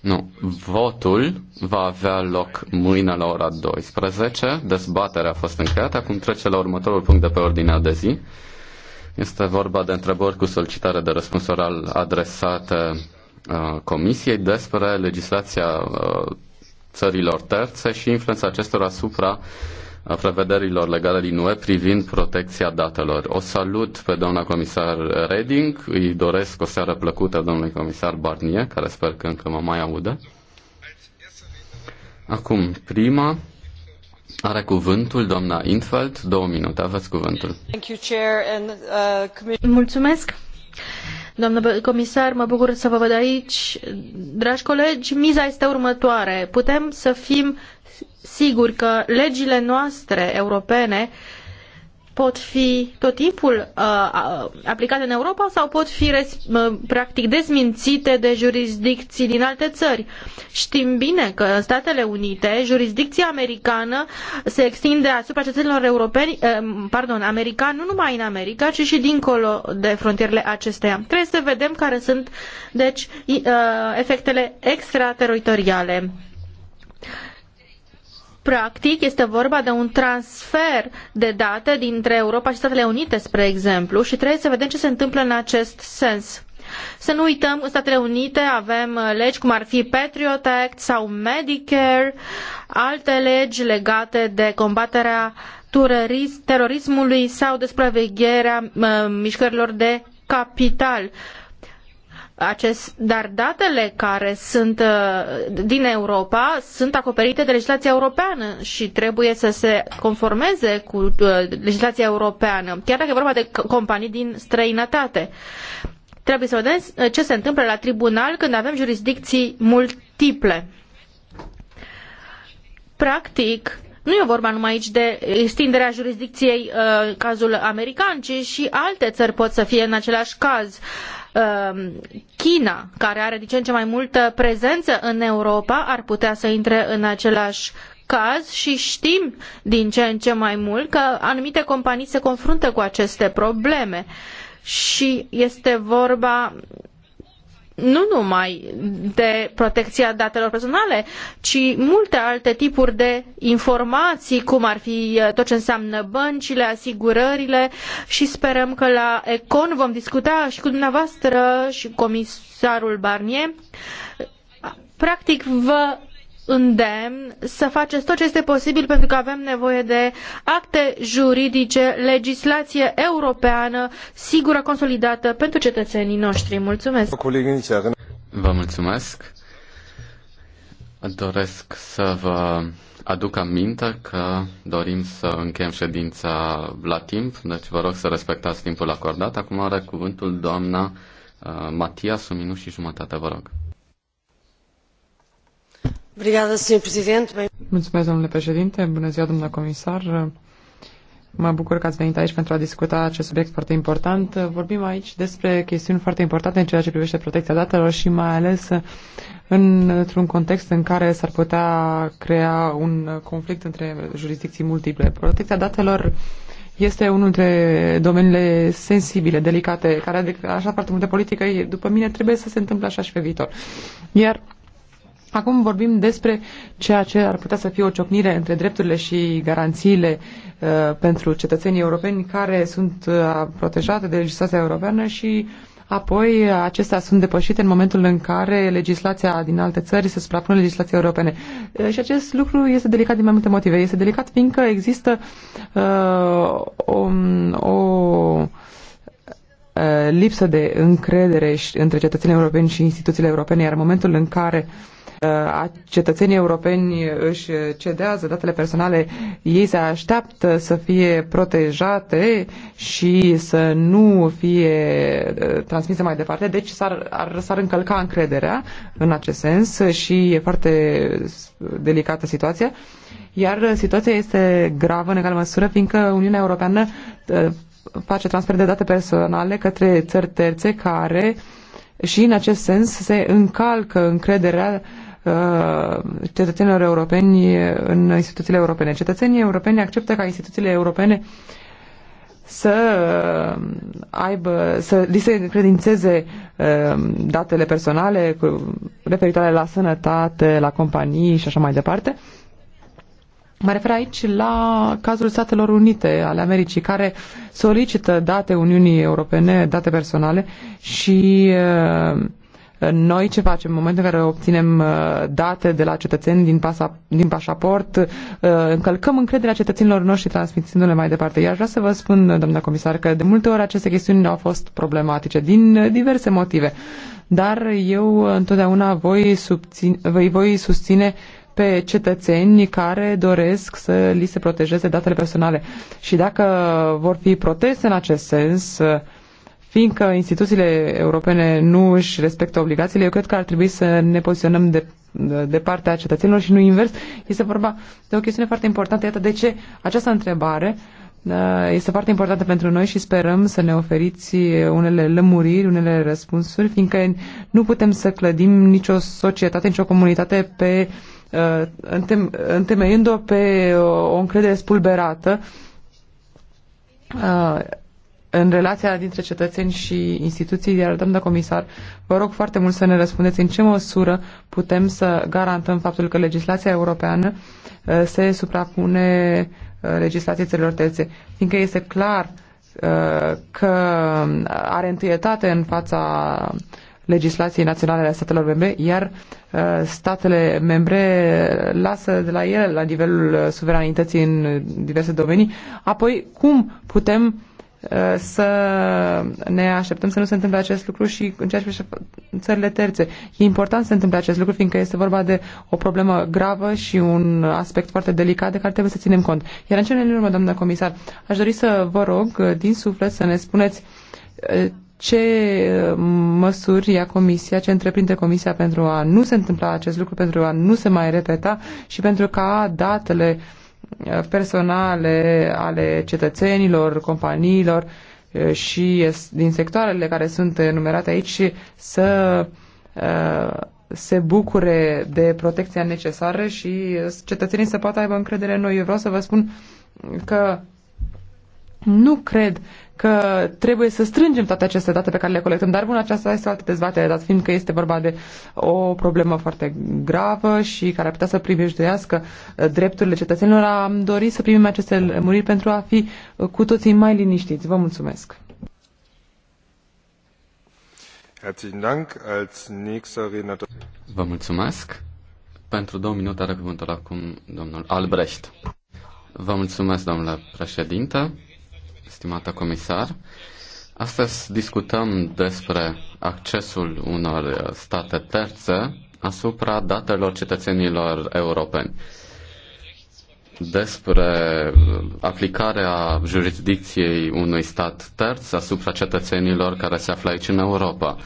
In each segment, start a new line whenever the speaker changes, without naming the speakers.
Nu, votul va avea loc mâine la ora 12. Dezbaterea a fost încheiată. Acum trece la următorul punct de pe ordinea de zi. Este vorba de întrebări cu solicitare de răspuns oral adresate uh, Comisiei despre legislația uh, țărilor terțe și influența acestora asupra uh, prevederilor legale din UE privind protecția datelor. O salut pe doamna comisar Reding, îi doresc o seară plăcută domnului comisar Barnier, care sper că încă mă mai audă. Acum, prima are cuvântul doamna Infeld. Două minute, aveți cuvântul.
Uh, Mulțumesc. Doamnă comisar, mă bucur să vă văd aici. Dragi colegi, miza este următoare. Putem să fim sigur că legile noastre europene pot fi tot timpul uh, uh aplicate în Europa sau pot fi uh, practic dezmințite de jurisdicții din alte țări. Știm bine că în Statele Unite jurisdicția americană se extinde asupra cetățenilor europeni, uh, pardon, americani, nu numai în America, ci și dincolo de frontierele acesteia. Trebuie să vedem care sunt, deci, uh, efectele extrateritoriale Practic, este vorba de un transfer de date dintre Europa și Statele Unite, spre exemplu, și trebuie să vedem ce se întâmplă în acest sens. Să nu uităm, în Statele Unite avem legi cum ar fi Patriot Act sau Medicare, alte legi legate de combaterea terorismului sau de supravegherea mișcărilor de capital. Acest, dar datele care sunt uh, din Europa sunt acoperite de legislația europeană și trebuie să se conformeze cu uh, legislația europeană, chiar dacă e vorba de companii din străinătate. Trebuie să vedem uh, ce se întâmplă la tribunal când avem jurisdicții multiple. Practic, nu e vorba numai aici de extinderea jurisdicției în cazul american, ci și alte țări pot să fie în același caz. Uh, Um, China, care are din ce în ce mai multă prezență în Europa, ar putea să intre în același caz și știm din ce în ce mai mult că anumite companii se confruntă cu aceste probleme și este vorba nu numai de protecția datelor personale, ci multe alte tipuri de informații, cum ar fi eh, tot ce înseamnă băncile, asigurările și sperăm că la Econ vom discuta și cu dumneavoastră și comisarul Barnier. Practic vă îndemn să faceți tot ce este posibil pentru că avem nevoie de acte juridice, legislație europeană sigură, consolidată pentru cetățenii noștri. Mulțumesc!
Vă mulțumesc! Doresc să vă aduc aminte că dorim să încheiem ședința la timp, deci vă rog să respectați timpul acordat. Acum are cuvântul doamna uh, Matias, un minut și jumătate, vă rog.
Mulțumesc, domnule președinte. Bună ziua, domnule comisar. Mă bucur că ați venit aici pentru a discuta acest subiect foarte important. Vorbim aici despre chestiuni foarte importante în ceea ce privește protecția datelor și mai ales într-un context în care s-ar putea crea un conflict între jurisdicții multiple. Protecția datelor este unul dintre domeniile sensibile, delicate, care, adică așa foarte multă politică, după mine, trebuie să se întâmple așa și pe viitor. Iar Acum vorbim despre ceea ce ar putea să fie o ciocnire între drepturile și garanțiile uh, pentru cetățenii europeni care sunt uh, protejate de legislația europeană și apoi acestea sunt depășite în momentul în care legislația din alte țări se suprapune legislației europene. Uh, și acest lucru este delicat din mai multe motive. Este delicat fiindcă există uh, o, o uh, lipsă de încredere între cetățenii europeni și instituțiile europene, iar în momentul în care uh, Uh, a cetățenii europeni își cedează datele personale, ei se așteaptă să fie protejate și să nu fie uh, transmise mai departe, deci s-ar, ar, s ar încălca încrederea în acest sens și e foarte delicată situația. Iar situația este gravă în egală măsură, fiindcă Uniunea Europeană uh, face transfer de date personale către țări terțe care și în acest sens se încalcă încrederea uh, cetățenilor europeni în instituțiile europene. Cetățenii europeni acceptă ca instituțiile europene să aibă, să li se credințeze um, datele personale referitoare la sănătate, la companii și așa mai departe. Mă refer aici la cazul Statelor Unite ale Americii, care solicită date Uniunii Europene, date personale și uh, noi ce facem? În momentul în care obținem uh, date de la cetățeni din, pasa, din pașaport, uh, încălcăm încrederea cetățenilor noștri transmițându-le mai departe. Iar vreau să vă spun, doamna comisar, că de multe ori aceste chestiuni au fost problematice din uh, diverse motive. Dar eu întotdeauna voi, subțin, voi, voi susține pe cetățeni care doresc să li se protejeze datele personale. Și dacă vor fi proteste în acest sens, uh, fiindcă instituțiile europene nu își respectă obligațiile, eu cred că ar trebui să ne poziționăm de, de partea cetățenilor și nu invers. Este vorba de o chestiune foarte importantă. Iată de ce această întrebare uh, este foarte importantă pentru noi și sperăm să ne oferiți unele lămuriri, unele răspunsuri, fiindcă nu putem să clădim nicio societate, nicio comunitate pe uh, întemeiind-o pe o încredere spulberată uh, în relația dintre cetățeni și instituții, iar doamnă comisar, vă rog foarte mult să ne răspundeți în ce măsură putem să garantăm faptul că legislația europeană uh, se suprapune uh, legislației țărilor terțe, fiindcă este clar uh, că are întâietate în fața legislației naționale ale statelor membre, iar statele membre lasă de la ele la nivelul suveranității în diverse domenii. Apoi, cum putem să ne așteptăm să nu se întâmple acest lucru și în ceea ce țările terțe. E important să se întâmple acest lucru, fiindcă este vorba de o problemă gravă și un aspect foarte delicat de care trebuie să ținem cont. Iar în cele din urmă, doamnă comisar, aș dori să vă rog din suflet să ne spuneți uh, ce uh, măsuri ia Comisia, ce întreprinde Comisia pentru a nu se întâmpla acest lucru, pentru a nu se mai repeta și pentru ca datele uh, personale ale cetățenilor, companiilor eh, și din sectoarele care sunt enumerate aici să eh, se bucure de protecția necesară și cetățenii să poată aibă încredere în noi. Eu vreau să vă spun că nu cred că trebuie să strângem toate aceste date pe care le colectăm, dar bun, aceasta este o altă dezbatere, dat fiindcă este vorba de o problemă foarte gravă și care ar putea să privejduiască uh, drepturile cetățenilor. Am dorit să primim aceste lămuriri pentru a fi uh, cu toții mai liniștiți. Vă mulțumesc!
Vă mulțumesc! Pentru două minute are cuvântul acum domnul Albrecht. Vă mulțumesc, domnule președinte stimată comisar. Astăzi discutăm despre accesul unor state terțe asupra datelor cetățenilor europeni despre aplicarea jurisdicției unui stat terț asupra cetățenilor care se află aici în Europa.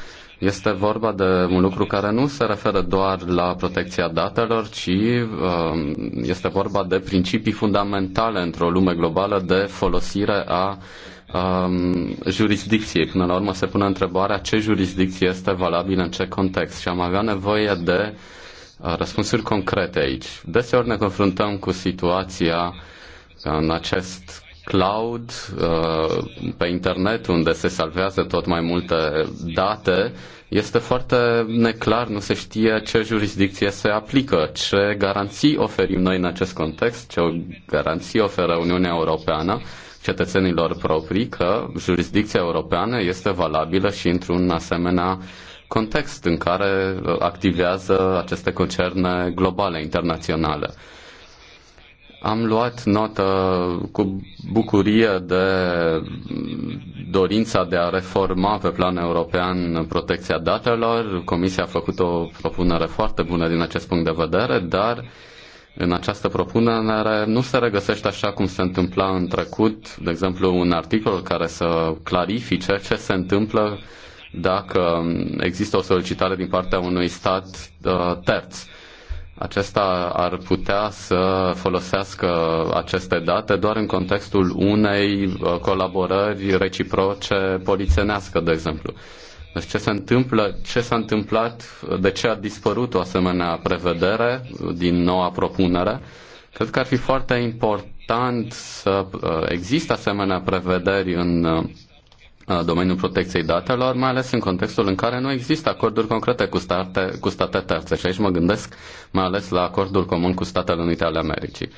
Este vorba de un lucru care nu se referă doar la protecția datelor, ci um, este vorba de principii fundamentale într-o lume globală de folosire a um, jurisdicției. Până la urmă se pune întrebarea ce jurisdicție este valabilă în ce context și am avea nevoie de uh, răspunsuri concrete aici. Deseori ne confruntăm cu situația în acest cloud, uh, pe internet, unde se salvează tot mai multe date, este foarte neclar, nu se știe ce jurisdicție se aplică, ce garanții oferim noi în acest context, ce garanții oferă Uniunea Europeană cetățenilor proprii că jurisdicția europeană este valabilă și într-un asemenea context în care activează aceste concerne globale, internaționale. Am luat notă cu bucurie de dorința de a reforma pe plan european protecția datelor. Comisia a făcut o propunere foarte bună din acest punct de vedere, dar în această propunere nu se regăsește așa cum se întâmpla în trecut, de exemplu, un articol care să clarifice ce se întâmplă dacă există o solicitare din partea unui stat uh, terț acesta ar putea să folosească aceste date doar în contextul unei uh, colaborări reciproce polițenească, de exemplu. Deci ce se întâmplă, ce s-a întâmplat, de ce a dispărut o asemenea prevedere uh, din noua propunere? Cred că ar fi foarte important să uh, există asemenea prevederi în Uh, domeniul protecției datelor, mai ales în contextul în care nu există acorduri concrete cu state, cu state terțe. Și aici mă gândesc mai ales la acordul comun cu Statele Unite ale Americii.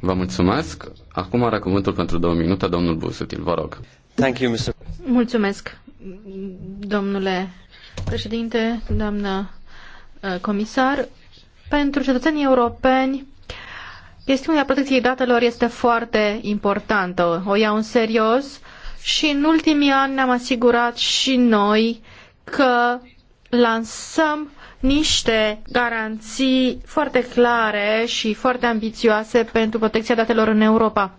Vă mulțumesc. Acum are cuvântul pentru două minute domnul Busutil. Vă rog. Thank you, Mr.
Mulțumesc, domnule președinte, doamnă uh, comisar. Pentru cetățenii europeni, chestiunea protecției datelor este foarte importantă. O iau în serios și în ultimii ani ne-am asigurat și noi că lansăm niște garanții foarte clare și foarte ambițioase pentru protecția datelor în Europa.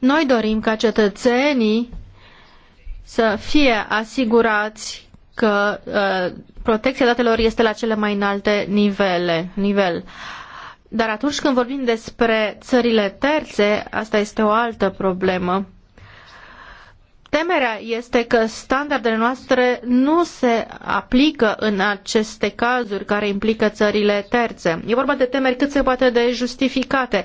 Noi dorim ca cetățenii să fie asigurați că uh, protecția datelor este la cele mai înalte nivele, nivel. Dar atunci când vorbim despre țările terțe, asta este o altă problemă Temerea este că standardele noastre nu se aplică în aceste cazuri care implică țările terțe. E vorba de temeri cât se poate de justificate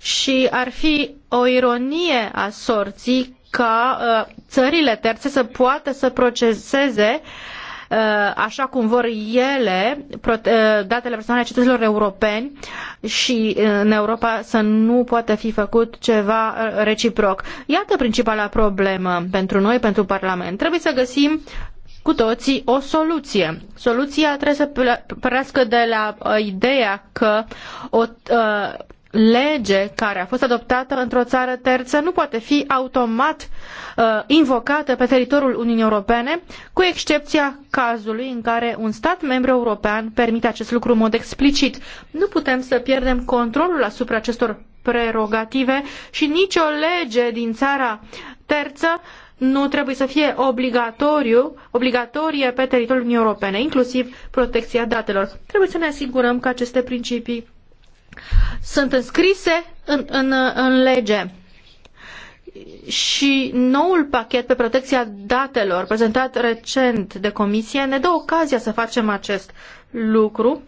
și ar fi o ironie a sorții ca uh, țările terțe să poată să proceseze uh, Uh, așa cum vor ele uh, datele personale a cetățenilor europeni și uh, în Europa să nu poată fi făcut ceva reciproc. Iată principala problemă pentru noi, pentru Parlament. Trebuie să găsim cu toții o soluție. Soluția trebuie să plească de la ideea că o lege care a fost adoptată într-o țară terță nu poate fi automat uh, invocată pe teritoriul Uniunii Europene, cu excepția cazului în care un stat membru european permite acest lucru în mod explicit. Nu putem să pierdem controlul asupra acestor prerogative și nicio lege din țara terță nu trebuie să fie obligatoriu, obligatorie pe teritoriul Uniunii Europene, inclusiv protecția datelor. Trebuie să ne asigurăm că aceste principii sunt înscrise în, în, în lege. Și noul pachet pe protecția datelor, prezentat recent de comisie, ne dă ocazia să facem acest lucru,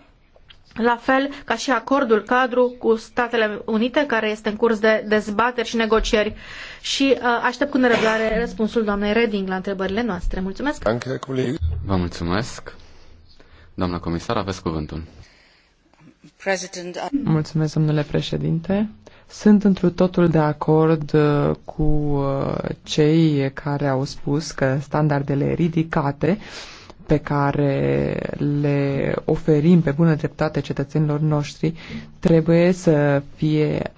la fel ca și acordul cadru cu Statele Unite, care este în curs de dezbateri și negocieri. Și uh, aștept cu nerăbdare răspunsul doamnei Reding la întrebările noastre. Mulțumesc!
Vă mulțumesc! Doamna comisar, aveți cuvântul. Uh,
Mulțumesc, președinte. Sunt întru totul de acord uh, cu uh, cei care au spus că standardele ridicate pe care le oferim pe bună dreptate cetățenilor noștri trebuie să fie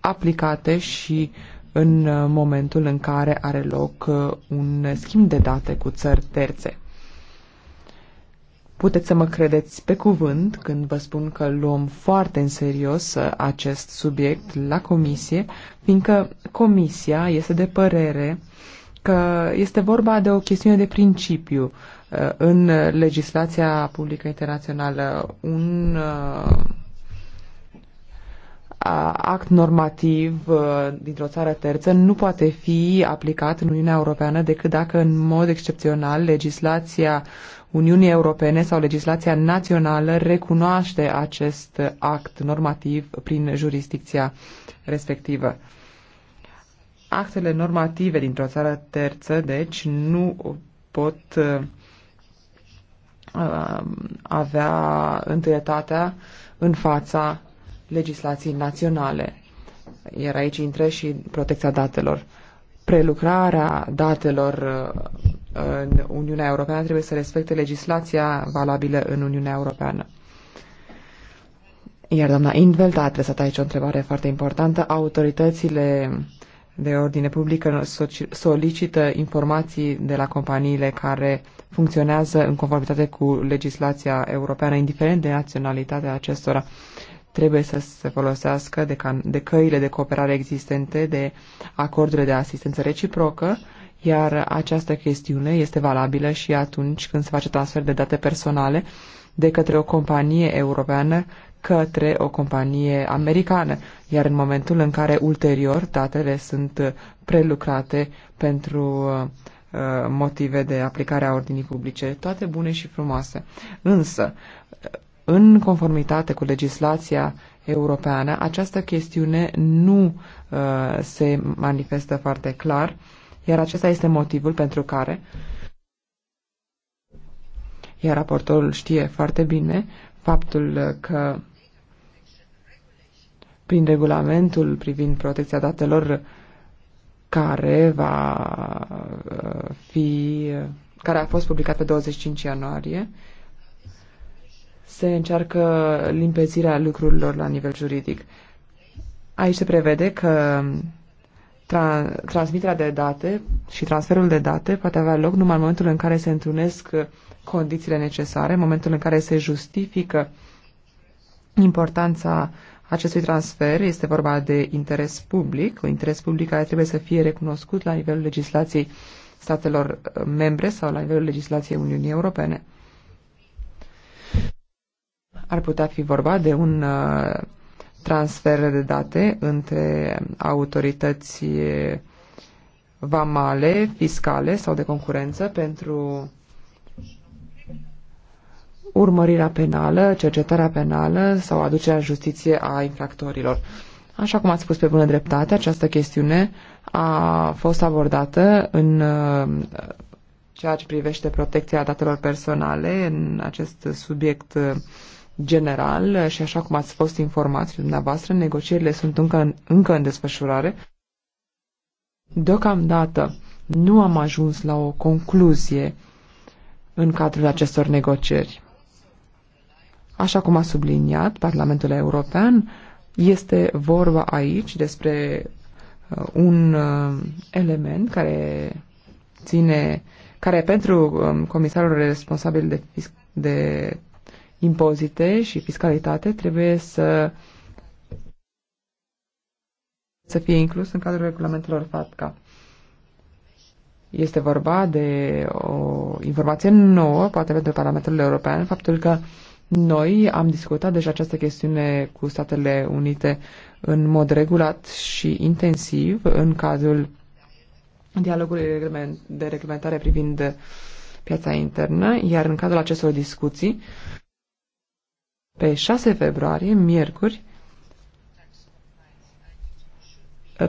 aplicate și în momentul în care are loc un schimb de date cu țări terțe. Puteți să mă credeți pe cuvânt când vă spun că luăm foarte în serios uh, acest subiect la comisie, fiindcă comisia este de părere că este vorba de o chestiune de principiu uh, în legislația publică internațională. Un uh, act normativ dintr-o țară terță nu poate fi aplicat în Uniunea Europeană decât dacă în mod excepțional legislația Uniunii Europene sau legislația națională recunoaște acest act normativ prin jurisdicția respectivă. Actele normative dintr-o țară terță, deci, nu pot uh, avea întâietatea în fața legislației naționale. Iar aici intră și protecția datelor prelucrarea datelor uh, în Uniunea Europeană trebuie să respecte legislația valabilă în Uniunea Europeană. Iar doamna Indveld a adresat aici o întrebare foarte importantă. Autoritățile de ordine publică solicită informații de la companiile care funcționează în conformitate cu legislația europeană, indiferent de naționalitatea acestora trebuie să se folosească de, can- de căile de cooperare existente, de acordurile de asistență reciprocă, iar această chestiune este valabilă și atunci când se face transfer de date personale de către o companie europeană către o companie americană, iar în momentul în care ulterior datele sunt prelucrate pentru uh, motive de aplicare a ordinii publice, toate bune și frumoase. Însă, în conformitate cu legislația europeană, această chestiune nu uh, se manifestă foarte clar, iar acesta este motivul pentru care, iar raportorul știe foarte bine, faptul că prin regulamentul privind protecția datelor care va uh, fi uh, care a fost publicat pe 25 ianuarie, se încearcă limpezirea lucrurilor la nivel juridic. Aici se prevede că tra- transmiterea de date și transferul de date poate avea loc numai în momentul în care se întrunesc condițiile necesare, în momentul în care se justifică importanța acestui transfer. Este vorba de interes public, un interes public care trebuie să fie recunoscut la nivelul legislației statelor uh, membre sau la nivelul legislației Uniunii Europene. Ar putea fi vorba de un uh, transfer de date între autorități uh, vamale, fiscale sau de concurență pentru urmărirea penală, cercetarea penală sau aducerea în justiție a infractorilor. Așa cum ați spus pe bună dreptate, această chestiune a fost abordată în uh, ceea ce privește protecția datelor personale, în acest subiect general și așa cum ați fost informați dumneavoastră, negocierile sunt încă în, încă în desfășurare. Deocamdată nu am ajuns la o concluzie în cadrul acestor negocieri. Așa cum a subliniat Parlamentul European, este vorba aici despre uh, un uh, element care ține, care pentru um, comisarul responsabil de, de impozite și fiscalitate trebuie să să fie inclus în cadrul regulamentelor FATCA. Este vorba de o informație nouă, poate pentru Parlamentul European, faptul că noi am discutat deja această chestiune cu Statele Unite în mod regulat și intensiv în cadrul dialogului de reglementare privind piața internă, iar în cadrul acestor discuții pe 6 februarie, miercuri,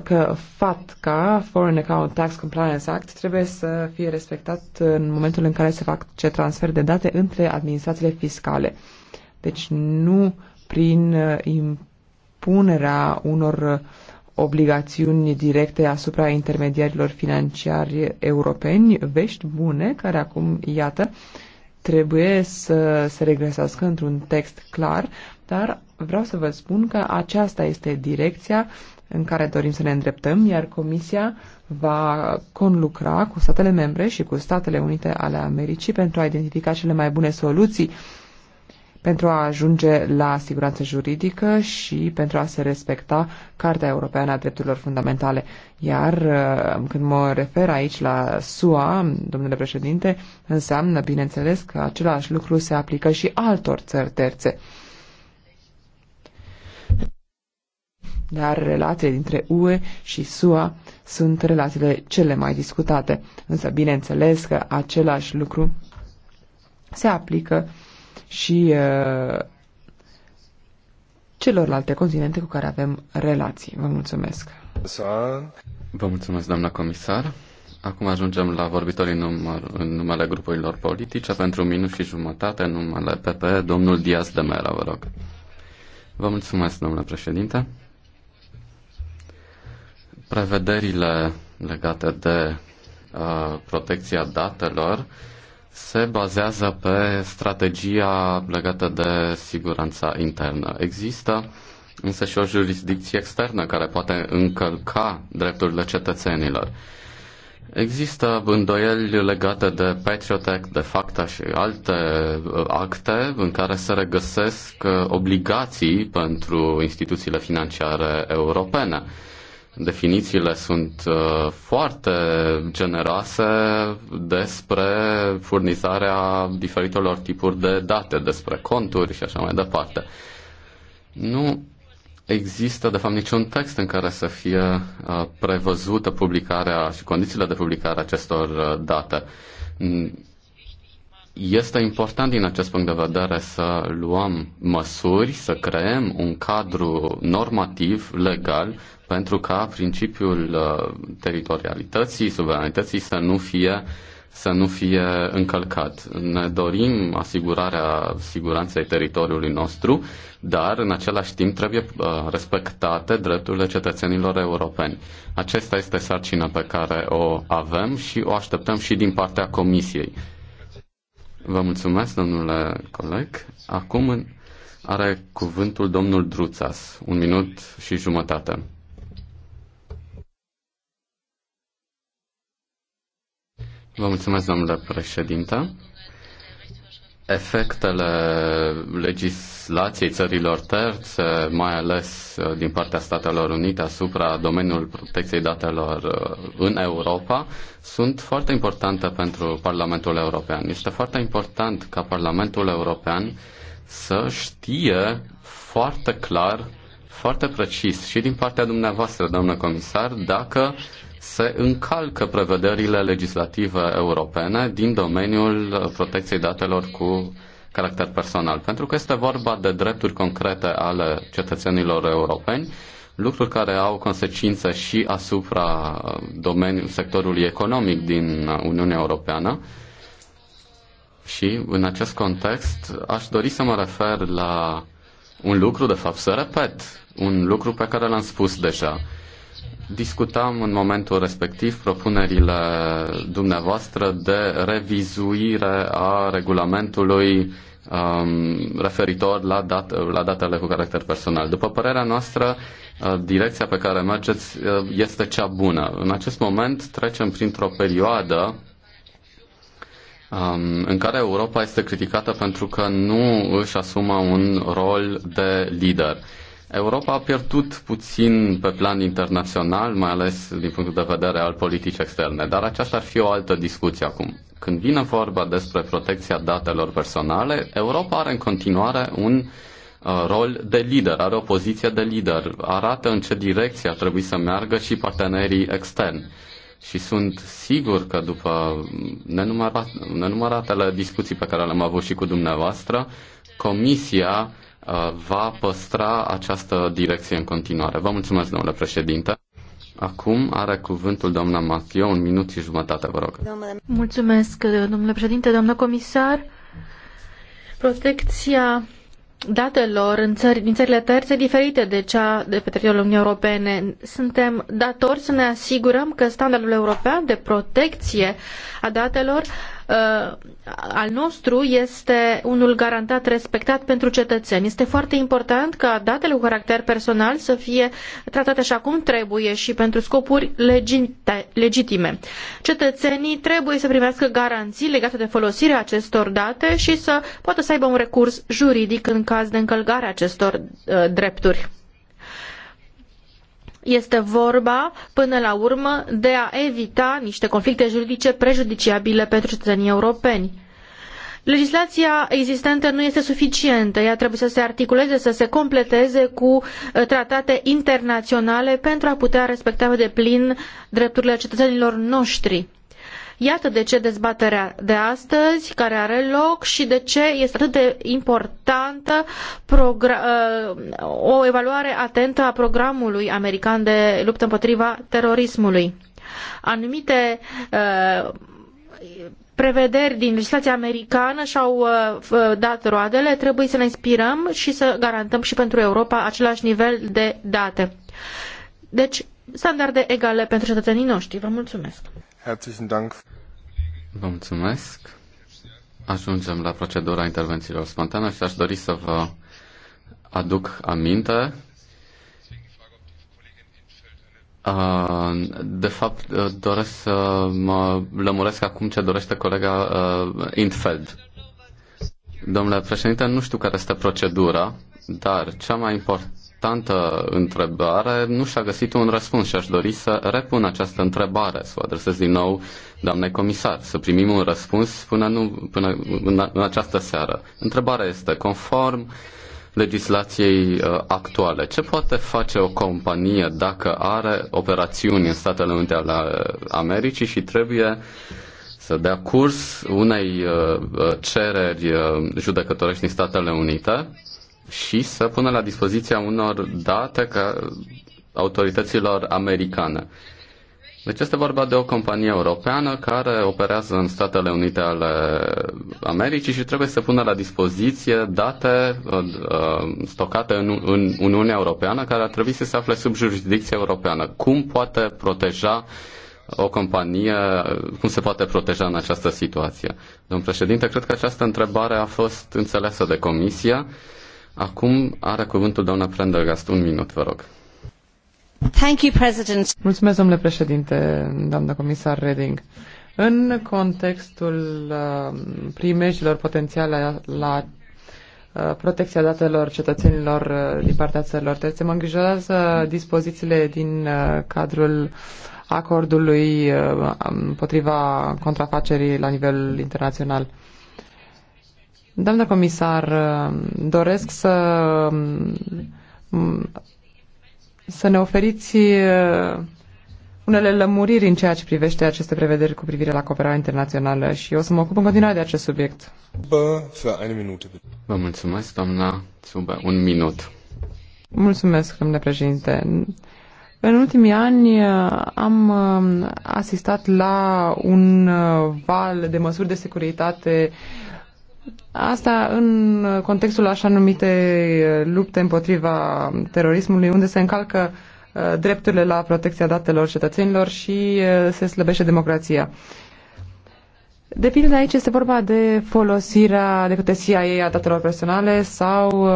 că FATCA, Foreign Account Tax Compliance Act, trebuie să fie respectat în momentul în care se fac ce transfer de date între administrațiile fiscale. Deci nu prin uh, impunerea unor obligațiuni directe asupra intermediarilor financiari europeni, vești bune, care acum, iată, uh, trebuie să se regresească într-un text clar, dar vreau să vă spun că aceasta este direcția în care dorim să ne îndreptăm, iar Comisia va conlucra cu statele membre și cu Statele Unite ale Americii pentru a identifica cele mai bune soluții uh, pentru a ajunge la siguranță juridică și pentru a se respecta Cartea Europeană a Drepturilor Fundamentale. Iar uh, când mă refer aici la SUA, domnule președinte, înseamnă, bineînțeles, că același lucru se aplică și altor țări terțe. dar relațiile dintre UE și SUA sunt relațiile cele mai discutate. Însă, bineînțeles că același lucru se aplică și uh, celorlalte continente cu care avem relații. Vă
mulțumesc! Vă mulțumesc, doamna comisar! Acum ajungem la vorbitorii număr, în numele grupurilor politice. Pentru un minut și jumătate, numele PP, domnul Diaz de Mera, vă rog. Vă mulțumesc, domnule președinte. Prevederile legate de uh, protecția datelor uh, se bazează pe strategia legată de siguranța internă. Există însă și o jurisdicție externă care poate încălca drepturile cetățenilor. Există îndoieli legate de Patriot Act, de FACTA și alte uh, acte în care se regăsesc uh, obligații pentru instituțiile financiare europene definițiile sunt uh, foarte generoase despre furnizarea diferitelor tipuri de date, despre conturi și așa mai departe. Nu există, de fapt, niciun text în care să fie uh, prevăzută publicarea și condițiile de publicare acestor uh, date. Este important din acest punct de vedere să luăm măsuri, să creăm un cadru normativ, legal, pentru ca principiul uh, teritorialității, suveranității să nu fie să nu fie încălcat. Ne dorim asigurarea siguranței teritoriului nostru, dar în același timp trebuie uh, respectate drepturile cetățenilor europeni. Acesta este sarcina pe care o avem și o așteptăm și din partea Comisiei. Vă mulțumesc, domnule coleg. Acum are cuvântul domnul Druțas. Un minut și jumătate. Vă mulțumesc, domnule președinte. Efectele legislației țărilor terțe, mai ales uh, din partea Statelor Unite asupra domeniului protecției datelor uh, în Europa, sunt foarte importante pentru Parlamentul European. Este foarte important ca Parlamentul European să știe foarte clar, foarte precis și din partea dumneavoastră, doamnă comisar, dacă uh, se încalcă prevederile legislative europene din domeniul protecției datelor cu caracter personal, pentru că este vorba de drepturi concrete ale cetățenilor europeni, lucruri care au consecințe și asupra domeniului sectorului economic din Uniunea Europeană. Și în acest context aș dori să mă refer la un lucru, de fapt să repet, un lucru pe care l-am spus deja. Discutam în momentul respectiv propunerile dumneavoastră de revizuire a regulamentului um, referitor la, dat, la datele cu caracter personal. După părerea noastră, uh, direcția pe care mergeți uh, este cea bună. În acest moment trecem printr-o perioadă um, în care Europa este criticată pentru că nu își asumă un rol de lider. Europa a pierdut puțin pe plan internațional, mai ales din punctul de vedere al politicii externe, dar aceasta ar fi o altă discuție acum. Când vine vorba despre protecția datelor personale, Europa are în continuare un uh, rol de lider, are o poziție de lider, arată în ce direcție ar trebui să meargă și partenerii externi. Și sunt sigur că după nenumărat, nenumăratele discuții pe care le-am avut și cu dumneavoastră, Comisia Uh, va păstra această direcție în continuare. Vă mulțumesc, domnule președinte. Acum are cuvântul doamna Mathieu, un minut și jumătate, vă rog.
Mulțumesc, domnule președinte, domnule comisar. Protecția datelor în țări, din țările terțe diferite de cea de pe teritoriul Uniunii Europene. Suntem datori să ne asigurăm că standardul european de protecție a datelor Uh, al nostru este unul garantat, respectat pentru cetățeni. Este foarte important ca datele cu caracter personal să fie tratate așa cum trebuie și pentru scopuri legitime. Cetățenii trebuie să primească garanții legate de folosirea acestor date și să poată să aibă un recurs juridic în caz de încălcare a acestor uh, drepturi. Este vorba, până la urmă, de a evita niște conflicte juridice prejudiciabile pentru cetățenii europeni. Legislația existentă nu este suficientă, ea trebuie să se articuleze, să se completeze cu ă, tratate internaționale pentru a putea respecta pe deplin drepturile cetățenilor noștri. Iată de ce dezbaterea de astăzi, care are loc și de ce este atât de importantă uh, o evaluare atentă a programului american de luptă împotriva terorismului. Anumite uh, prevederi din legislația americană și-au uh, dat roadele, trebuie să ne inspirăm și să garantăm și pentru Europa același nivel de date. Deci, standarde egale pentru cetățenii noștri. Vă mulțumesc!
Herzlichen Dank!
Vă mulțumesc. Ajungem la procedura intervențiilor spontane și aș dori să vă aduc aminte. De fapt, doresc să mă lămuresc acum ce dorește colega Intfeld. Domnule președinte, nu știu care este procedura, dar cea mai importantă importantă întrebare nu și-a găsit un răspuns și aș dori să repun această întrebare, să o adresez din nou doamnei comisar, să primim un răspuns până, nu, până în această seară. Întrebarea este, conform legislației uh, actuale, ce poate face o companie dacă are operațiuni în Statele Unite ale Americii și trebuie să dea curs unei uh, uh, cereri judecătorești din Statele Unite și să pună la dispoziția unor date ca autorităților americane. Deci este vorba de o companie europeană care operează în Statele Unite ale Americii și trebuie să pună la dispoziție date uh, uh, stocate în, în Uniunea Europeană care ar trebui să se afle sub jurisdicție europeană. Cum poate proteja o companie, uh, cum se poate proteja în această situație? Domnul președinte, cred că această întrebare a fost înțeleasă de Comisia. Acum are cuvântul doamna Prendergast. Un minut, vă rog.
Thank you, President. Mulțumesc, domnule președinte, doamna comisar Reding. În contextul uh, primejilor potențiale la uh, protecția datelor cetățenilor uh, din partea țărilor terțe, mă îngrijorează dispozițiile din cadrul acordului împotriva contrafacerii la nivel internațional. Doamna comisar, doresc să, să ne oferiți unele lămuriri în ceea ce privește aceste prevederi cu privire la cooperarea internațională și o să mă ocup în continuare de acest subiect.
Vă mulțumesc, doamna Țubă. Un minut.
Mulțumesc, domnule președinte. În ultimii ani uh, am uh, asistat la un uh, val de măsuri de securitate Asta în contextul așa numite uh, lupte împotriva terorismului, unde se încalcă uh, drepturile la protecția datelor cetățenilor și uh, se slăbește democrația. De pildă aici este vorba de folosirea de către CIA a datelor personale sau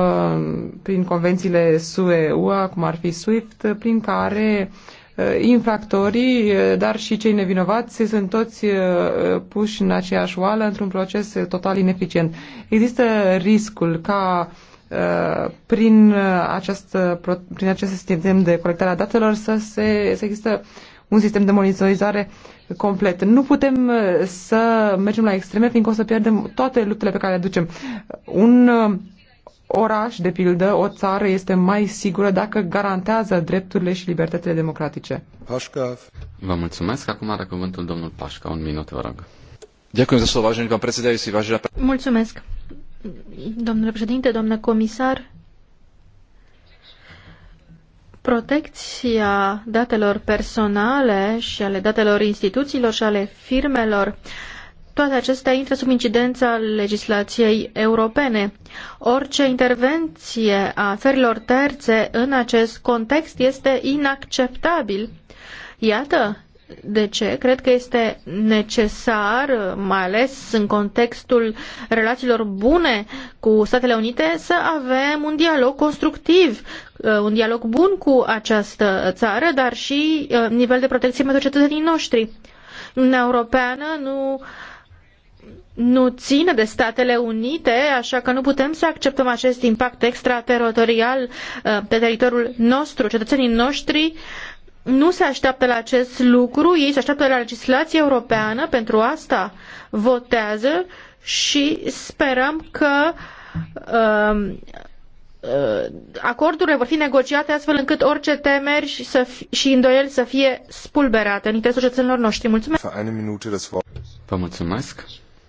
prin convențiile SUE-UA, cum ar fi SWIFT, prin care uh, Uh, infractorii, uh, dar și cei nevinovați sunt toți uh, puși în aceeași oală într-un proces total ineficient. Există riscul ca prin, această, prin acest sistem de colectare a datelor să, se, să există un sistem de monitorizare complet. Nu putem să mergem la extreme, fiindcă o să pierdem toate luptele pe care le ducem. Un oraș, de pildă, o țară este mai sigură dacă garantează drepturile și libertățile democratice.
Pașca. Vă mulțumesc. Acum are cuvântul domnul Pașca. Un minut, vă rog. Ďakujem za slovo, vážený pán predsedajúci, vážená...
Mulțumesc. Domnule președinte, domnule comisar, protecția datelor personale și ale datelor instituțiilor și ale firmelor uh, toate acestea intră sub incidența legislației europene. Orice intervenție a țărilor terțe în acest context este inacceptabil. Iată de ce cred că este necesar, mai ales în contextul relațiilor bune cu Statele Unite, să avem un dialog constructiv, uh, un dialog bun cu această țară, dar și uh, nivel de protecție pentru cetățenii noștri. Uniunea Europeană nu uh, nu ține de Statele Unite, așa că nu putem să acceptăm acest impact extrateritorial uh, pe teritoriul nostru. Cetățenii noștri nu se așteaptă la acest lucru, ei se așteaptă la legislație europeană, pentru asta votează și sperăm că uh, uh, acordurile vor fi negociate astfel încât orice temeri și, să fi, și îndoieli să fie spulberate în interesul cetățenilor noștri. Mulțumesc!
Vă mulțumesc!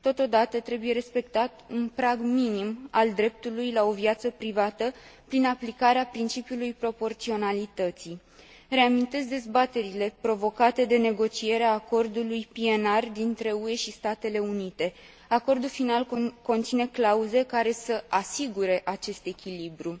totodată trebuie respectat un prag minim al dreptului la o viaă privată prin aplicarea principiului proporionalităii. reamintesc dezbaterile provocate de negocierea acordului pnr dintre ue i statele unite. acordul final conine clauze care să asigure acest echilibru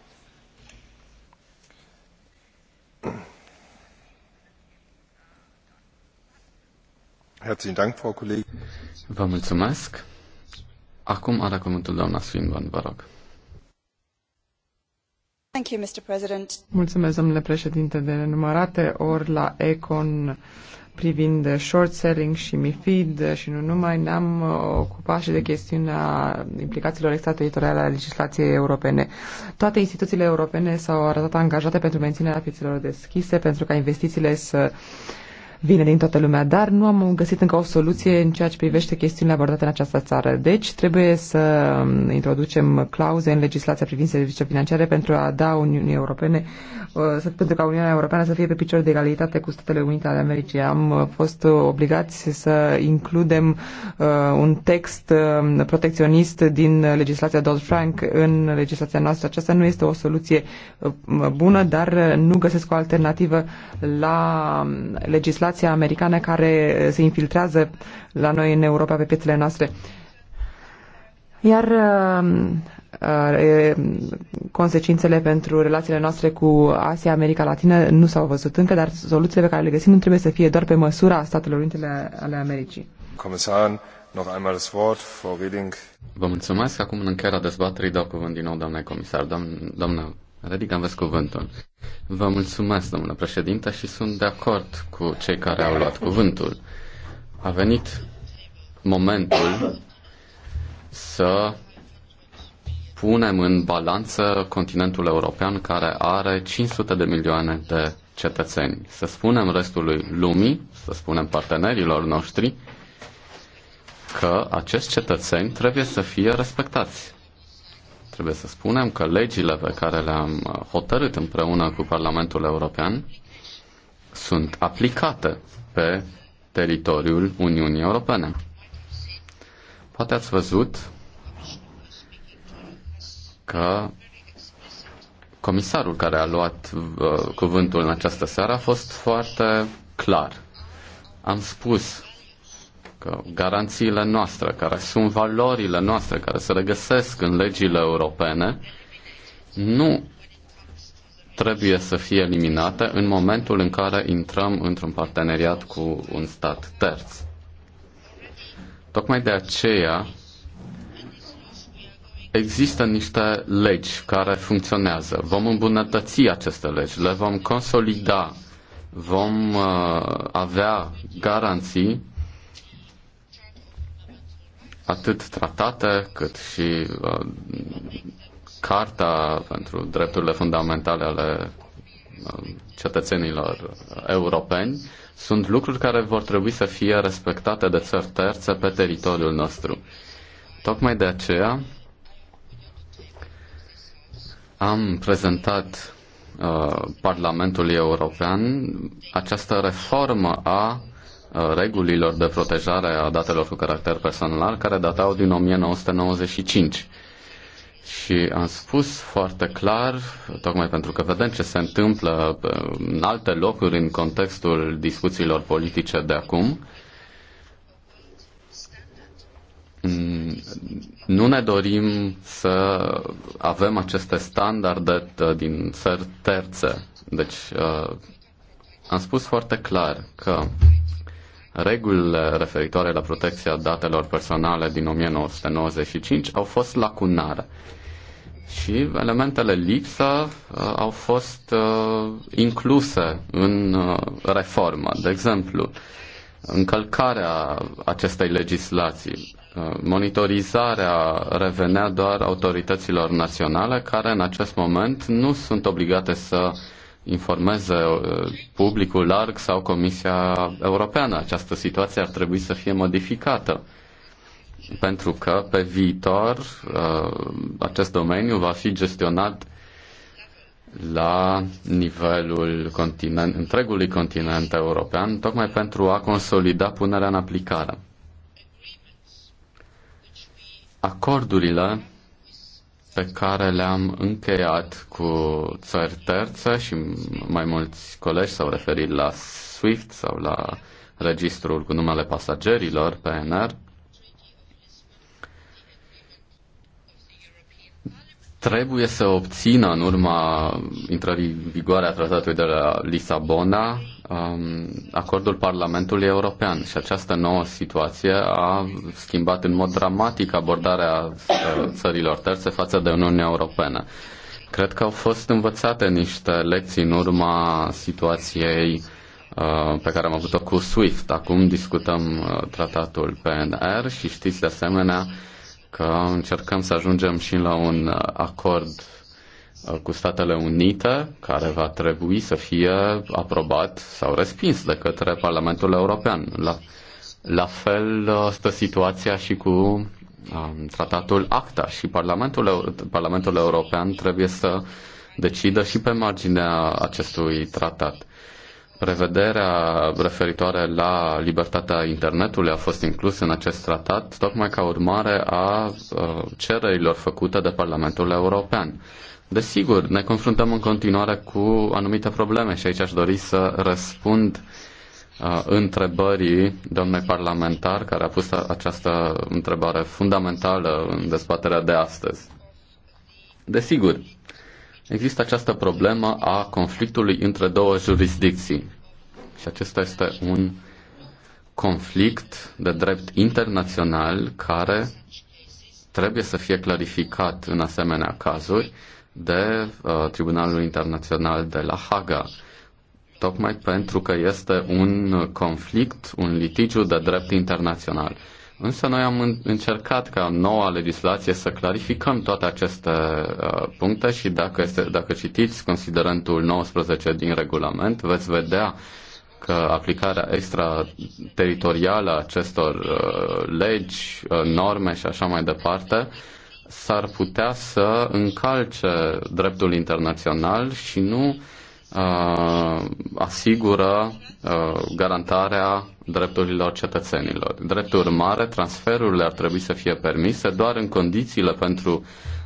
Vă mulțumesc. Acum are cuvântul doamna Swinburne, vă rog.
Mulțumesc, domnule președinte, de nenumărate ori la Econ privind short selling și MIFID și nu numai, ne-am ocupat și de chestiunea implicațiilor extrateritoriale ale legislației europene. Toate instituțiile europene s-au arătat angajate pentru menținerea piețelor deschise, pentru ca investițiile să vine din toată lumea, dar nu am găsit încă o soluție în ceea ce privește chestiunile abordate în această țară. Deci trebuie să um, introducem clauze în legislația privind serviciile financiare pentru a da Uniunii Europene, uh, pentru ca Uniunea Europeană să fie pe picior de egalitate cu Statele Unite ale Americii. Am uh, fost uh, obligați să includem un text um, protecționist din legislația Dodd-Frank în legislația noastră. Aceasta nu este o soluție bună, dar nu găsesc o alternativă la um, legislație corporații americane care se infiltrează la noi în Europa pe piețele noastre. Iar uh, uh, consecințele pentru relațiile noastre cu Asia, America Latină nu s-au văzut încă, dar soluțiile pe care le găsim nu trebuie să fie doar pe măsura Statelor Unite ale Americii.
Comisar, noch einmal das Wort, Frau Reding. Vă mulțumesc. Acum, în încheierea dezbaterii, dau cuvânt din nou, doamne comisar. Doamna Adică văzut cuvântul. Vă mulțumesc, domnule președinte, și sunt de acord cu cei care au luat cuvântul. A venit momentul să punem în balanță continentul european care are 500 de milioane de cetățeni. Să spunem restului lumii, să spunem partenerilor noștri, că acești cetățeni trebuie să fie respectați. Trebuie să spunem că legile pe care le-am uh, hotărât împreună cu Parlamentul European sunt aplicate pe teritoriul Uniunii Europene. Poate ați văzut că comisarul care a luat uh, cuvântul în această seară a fost foarte clar. Am spus că garanțiile noastre, care sunt valorile noastre, care se regăsesc în legile europene, nu trebuie să fie eliminate în momentul în care intrăm într-un parteneriat cu un stat terț. Tocmai de aceea există niște legi care funcționează. Vom îmbunătăți aceste legi, le vom consolida, vom uh, avea garanții atât tratate cât și uh, Carta pentru Drepturile Fundamentale ale uh, cetățenilor europeni sunt lucruri care vor trebui să fie respectate de țări terțe pe teritoriul nostru. Tocmai de aceea am prezentat uh, Parlamentului European această reformă a Uh, regulilor de protejare a datelor cu caracter personal care datau din 1995. Și am spus foarte clar, tocmai pentru că vedem ce se întâmplă uh, în alte locuri în contextul discuțiilor politice de acum, mm, nu ne dorim să avem aceste standarde uh, din țări terțe. Deci, am spus foarte clar că regulile referitoare la protecția datelor personale din 1995 au fost lacunare și elementele lipsă uh, au fost uh, incluse în uh, reformă. De exemplu, încălcarea acestei legislații, uh, monitorizarea revenea doar autorităților naționale care în acest moment nu sunt obligate să uh, informeze uh, publicul larg sau Comisia Europeană. Această situație ar trebui să fie modificată pentru că pe viitor uh, acest domeniu va fi gestionat la nivelul continent, întregului continent european, tocmai pentru a consolida punerea în aplicare. Acordurile pe care le-am încheiat cu țări terțe și mai mulți colegi s-au referit la SWIFT sau la registrul cu numele pasagerilor, PNR. Trebuie să obțină în urma intrării în vigoare a tratatului de la Lisabona um, acordul Parlamentului European și această nouă situație a schimbat în mod dramatic abordarea uh, țărilor terțe față de Uniunea Europeană. Cred că au fost învățate niște lecții în urma situației uh, pe care am avut-o cu SWIFT. Acum discutăm uh, tratatul PNR și știți de asemenea că încercăm să ajungem și la un acord cu Statele Unite, care va trebui să fie aprobat sau respins de către Parlamentul European. La, la fel uh, stă situația și cu um, tratatul ACTA și Parlamentul, Parlamentul European trebuie să decidă și pe marginea acestui tratat. Prevederea referitoare la libertatea internetului a fost inclusă în acest tratat tocmai ca urmare a cererilor făcute de Parlamentul European. Desigur, ne confruntăm în continuare cu anumite probleme și aici aș dori să răspund întrebării domnului parlamentar care a pus această întrebare fundamentală în dezbaterea de astăzi. Desigur, Există această problemă a conflictului între două jurisdicții și acesta este un conflict de drept internațional care trebuie să fie clarificat în asemenea cazuri de uh, Tribunalul Internațional de la Haga, tocmai pentru că este un conflict, un litigiu de drept internațional. Însă noi am încercat ca noua legislație să clarificăm toate aceste uh, puncte și dacă, este, dacă citiți considerentul 19 din regulament, veți vedea că aplicarea extrateritorială a acestor uh, legi, uh, norme și așa mai departe s-ar putea să încalce dreptul internațional și nu uh, asigură uh, garantarea drepturilor cetățenilor. Drept urmare, transferurile ar trebui să fie permise doar în condițiile pentru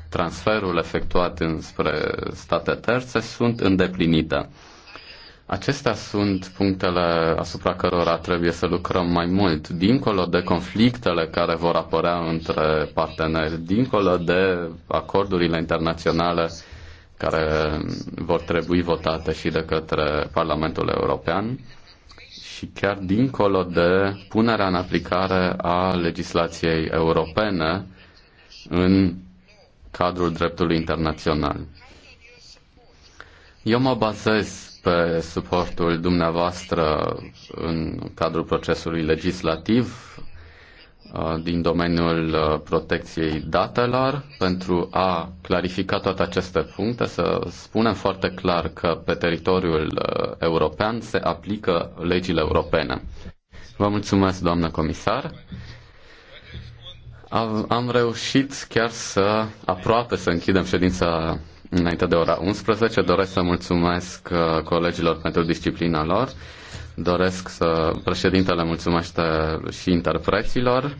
transferul efectuat înspre state terțe sunt îndeplinite. Acestea sunt punctele asupra cărora trebuie să lucrăm mai mult, dincolo de conflictele care vor apărea între parteneri, dincolo de acordurile internaționale care vor trebui votate și de către Parlamentul European și chiar dincolo de punerea în aplicare a legislației europene în cadrul dreptului internațional. Eu mă bazez pe suportul dumneavoastră în cadrul procesului legislativ Uh, din domeniul uh, protecției datelor pentru a clarifica toate aceste puncte, să spunem foarte clar că pe teritoriul uh, european se aplică legile europene. Vă mulțumesc, doamnă comisar. Am reușit chiar să aproape să închidem ședința înainte de ora 11. Doresc să mulțumesc colegilor pentru disciplina lor. Doresc să președintele mulțumește și interpreților.